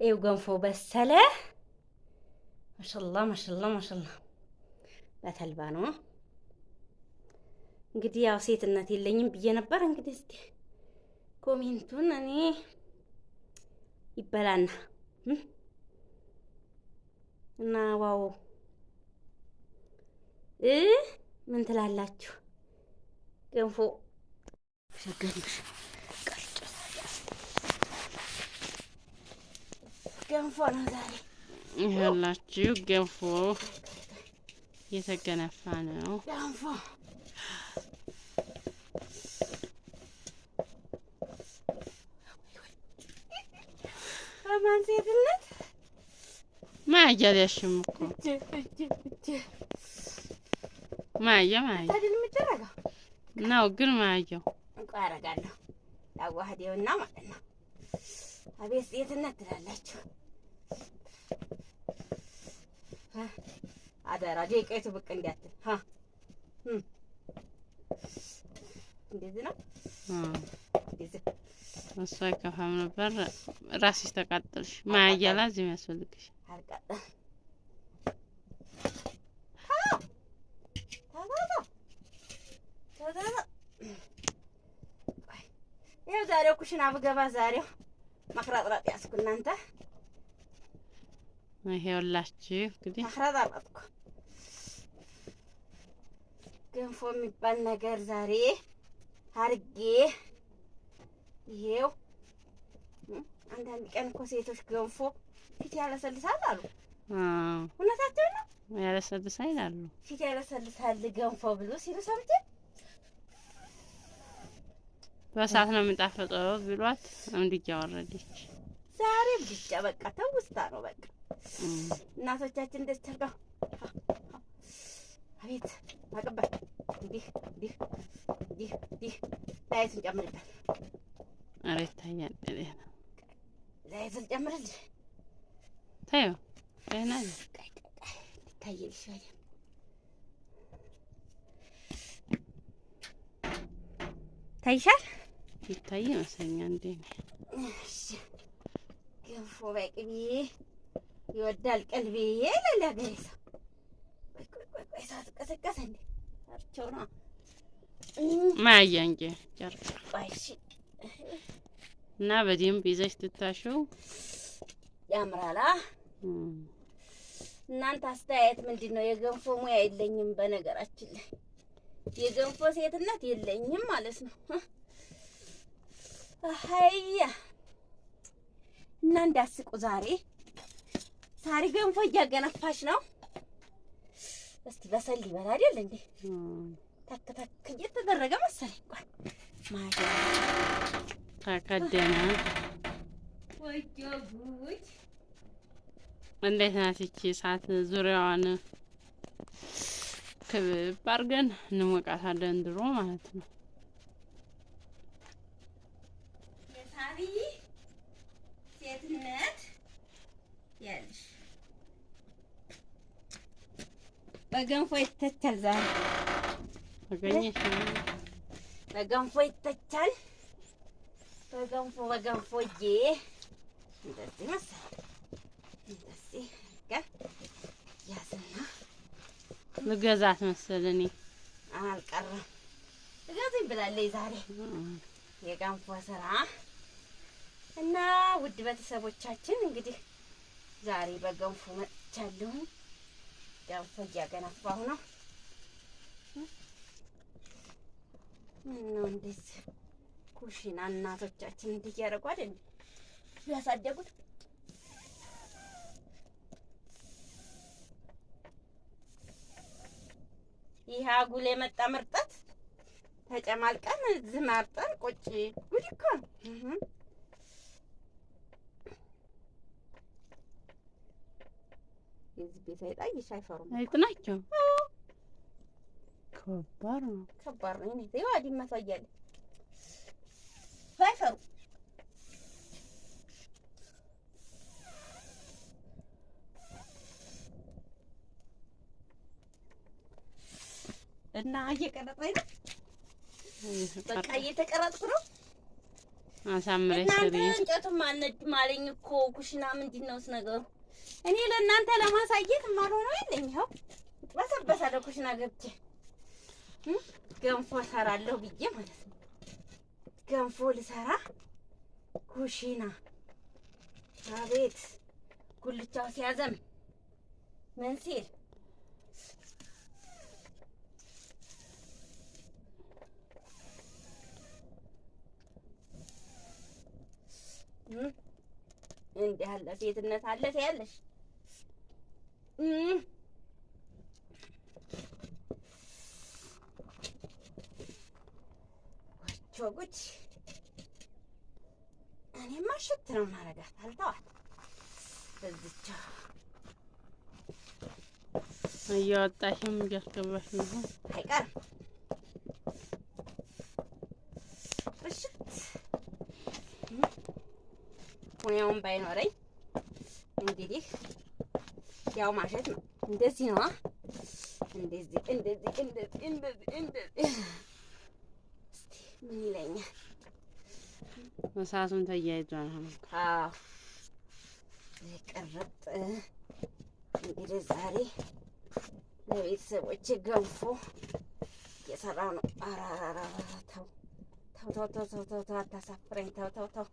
ይኸው ገንፎ በሰለ። ማሻላ ማሻላ ማሻላ። በተልባ ነው እንግዲህ ያው ሴትነት የለኝም ብዬ ነበር። እንግዲህ እስኪ ኮሜንቱን እኔ ይበላና እና ዋው እ ምን ትላላችሁ? ገንፎ ሸገር game for now, Daddy. Yeah, last two game for. He's a gonna find out. Game for. Romance, isn't it? Maya, you're a shimmick. Maya, Maya. No, good, Maya. I'm glad I got you. That was the only one. አቤት ሴትነት ትላላችሁ። አደራ ደቂቃይቱ ብቅ እንዲያትል እንደዚህ ነው። እሱ አይከፋም ነበር። ራስሽ ተቃጠልሽ። ማያያላ እዚህ የሚያስፈልግሽ ዛሬው ኩሽና ብገባ ዛሬው መክረጥረጥ ያዝኩ። እናንተ ይሄውላችሁ እንግዲህ መክረጥረጥኩ። ገንፎ የሚባል ነገር ዛሬ አርጌ ይሄው። አንዳንድ ቀን እኮ ሴቶች ገንፎ ፊት ያለሰልሳል አሉ። እውነታቸው ነው፣ ያለሰልሳል አሉ። ፊት ያለሰልሳል ገንፎ ብሎ ሲሉ ሰምቼ በእሳት ነው የሚጣፈጠው ብሏት እንድጃ ወረደች። ዛሬ ብቻ በቃ ተውስታ ነው በቃ እናቶቻችን እንደዚህ አድርገው አቤት አቅበል እንዲህ እንዲህ እንዲህ እንዲህ ላይት እንጨምርበት። ኧረ ይታያል። ደህና ላይት እንጨምርልህ። ታዩ ደህና ነው ይታይልሽ በደምብ ታይሻል። ይታይ ይመስለኛል። እንዴ ገንፎ በቅቤ ይወዳል ቀልቤ ይላል ያገሬ ሰው። ተቀሰቀሰ እንዴ አርቸው ነው ማያ እንጂ ጨርቅ እና በደንብ ይዘሽ ትታሽው ያምራላ። እናንተ አስተያየት ምንድን ነው? የገንፎ ሙያ የለኝም፣ በነገራችን ላይ የገንፎ ሴትነት የለኝም ማለት ነው። አህያ እና እንዳስቁ ዛሬ ሳሪ ገንፎ እያገነፋች ነው። እስቲ በሰል ይበላ አይደል እንዴ? ታክ ታክ እየተደረገ መሰለኝ። ቆይ ማዳ ታከደና ወጆ ጉድ እንዴት ናት ይቺ እሳት? ዙሪያዋን ክብ አድርገን እንሞቃታለን ድሮ ማለት ነው። በእውነት ያለሽ በገንፎ ይተቻል። ዛሬ አገኘሽ። በገንፎ ይተቻል። በገንፎ በገንፎ እጄ እንደዚህ መሰለኝ። እንደዚህ ያዝና ልገዛት መሰለኝ። አልቀረም እገዛኝ ብላለች ዛሬ የገንፎ ስራ እና ውድ ቤተሰቦቻችን እንግዲህ ዛሬ በገንፎ መጥቻለሁኝ። ገንፎ እያገናፋሁ ነው። ምነው እንዴት ኩሽና እናቶቻችን እንዲህ እያደረጉ አይደል ያሳደጉት? ይህ አጉል የመጣ መርጠት ተጨማልቀን ዝም ቁጭ ጉድ እኮ ነው። የዚህ ቤት አይጣይሽ አይፈሩም። አይጥ ናቸው። ከባድ ነው፣ ከባድ ነው። እኔ ይኸው አዲማ እያለ እና እየቀረጠኝ ነው፣ በቃ እየተቀረጥኩ ነው። አሳምረሽ ስሪ። እናንተ እንጨቱም አለኝ እኮ ኩሽና ምንድን ነውስ ነገሩ? እኔ ለእናንተ ለማሳየት የማልሆነው የለኝ። ይኸው በሰበሰ ኩሽና ገንፎ ሰራለሁ ብዬ ማለት ነው። ገንፎ ልሰራ ኩሽና። አቤት ጉልቻው ሲያዘም ምን ሲል እንዲህ ያለ ሴትነት አለ ያለሽ ወቾ ጉድ! እኔማ ሽት ነው ማረጋት አልተዋት በዚቻ እያወጣሽም እያስገባሽ ነው። ሙያውን ባይኖረኝ እንግዲህ ያው ማሸት ነው። እንደዚህ ነው። እንደዚህ እንደዚህ እንደዚህ እንደዚህ እንደዚህ። እስቲ ምን ይለኛል? እሳቱን ተያይዟል። አዎ ቀረጥ እንግዲህ ዛሬ ለቤተሰቦቼ ገንፎ እየሰራሁ ነው። አራራራ ተው ተው ተው ተው ተው ተው፣ አታሳፍረኝ። ተው ተው ተው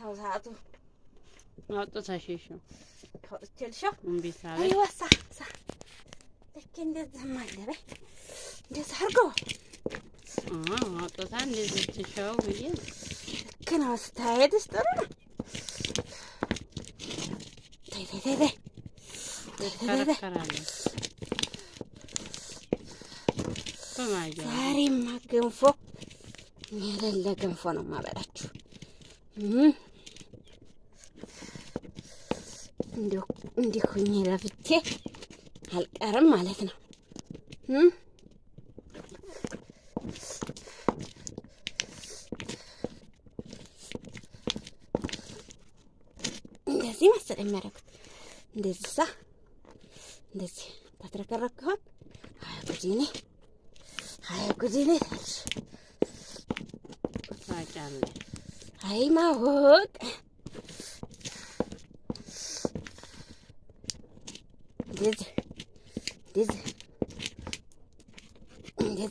ተው ሰዓቱ አውጥተሽሽ አውጥቼልሽው እምቢ ሳለ አይዋ ሳ ልክ እንደዚህማ አለ በይ እንደዚያ አድርገው አውጥታ እንደዚህ ትሸው ብዬ ልክ ነው። አስተያየትሽ ጥሩ ነው። ተይ ተይ ተይ ተይ ዛሬማ ገንፎ የሌለ ገንፎ ነው የማበላችሁ። እንዲሁኝ ለፍቼ አልቀርም ማለት ነው። እንደዚህ መሰለኝ የሚያደርጉት። እንደዚህ ሳ እንደዚህ ታትረከረክ ይሆን? ሀያ ጉዲኔ ሀያ ጉዲኔ ታልሽ አይ ማወቅ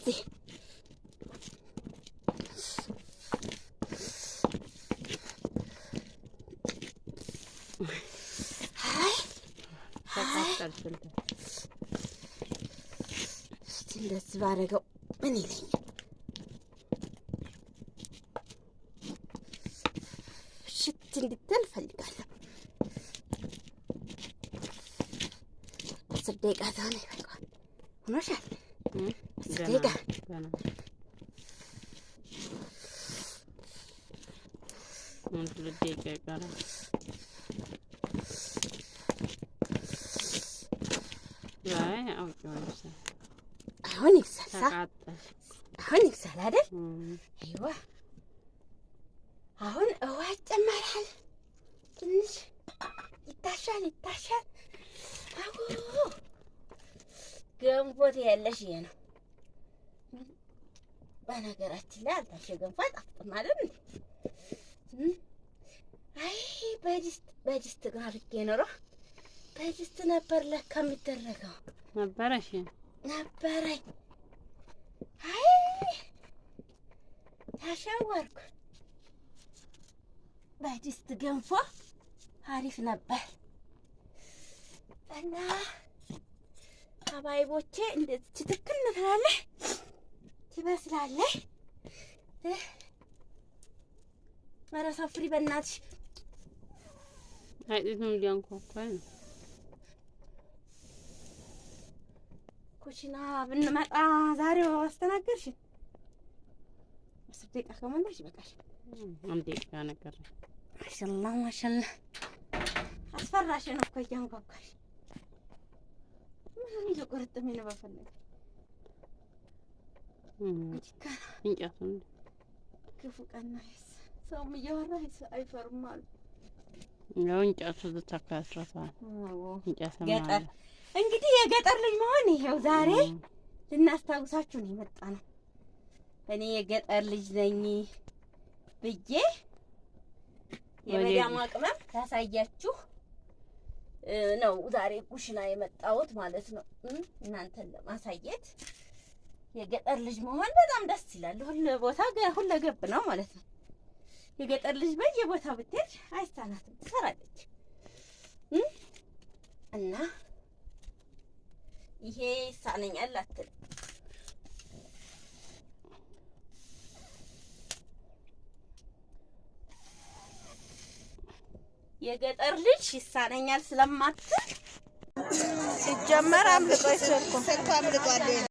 እስቲ እንደዚህ ባረገው ምን ይለኛል? ሽት እንድትል እፈልጋለሁ። አስር ደቂቃ ሆኖሻል። دقيقة ممكن دقيقة قرا لا أو جوانسة هونيك سهل صح؟ هونيك سهل هذا؟ أيوه هون أوعد المرحل تنش يتعشى يتعشى أوه قام بودي هلا شي أنا በነገራችን ላይ አልታሸገም ገንፎ አይጣፍጥም አይደል? አይ በድስት በድስት አድርጌ ኖሮ በድስት ነበር ለካ የሚደረገው ነበረ። እሺ ነበረኝ። አይ ተሸወርኩ። በድስት ገንፎ አሪፍ ነበር። እና አባይቦቼ እንደዚህ ትክክል ትላለህ። ትመስላለህ። ኧረ ሰፍሪ በእናትሽ አይጤቱም እንዲያንኳኳ ነው። ኩሽና ብንመጣ ዛሬው አስተናገርሽ አስር ደቂቃ ከሞላሽ ይበቃል። አንድ ደቂቃ ነገር ማሻላ ማሻላ አስፈራሽን እኮ እያንኳኳሽ ምንም ይዞ ቁርጥ የሚንበፈለግ ክፉ ቀን ሰውም እያወራ አይፈርም ያው እንጨቱ ዝታካ ያስረሳል። ገጠር እንግዲህ የገጠር ልጅ መሆን ይሄው ዛሬ ልናስታውሳችሁ ነው የመጣ ነው። እኔ የገጠር ልጅ ነኝ ብዬ የመዳሟ ቅመም ያሳያችሁ ነው ዛሬ ኩሽና የመጣሁት ማለት ነው እናንተን ለማሳየት የገጠር ልጅ መሆን በጣም ደስ ይላል። ሁሉ ቦታ ሁለ ገብ ነው ማለት ነው። የገጠር ልጅ በየቦታው ብትሄድ አይሳናትም፣ ትሰራለች እና ይሄ ይሳነኛል አትልም። የገጠር ልጅ ይሳነኛል ስለማትል ሲጀመር አምልጦ ይሰልኩ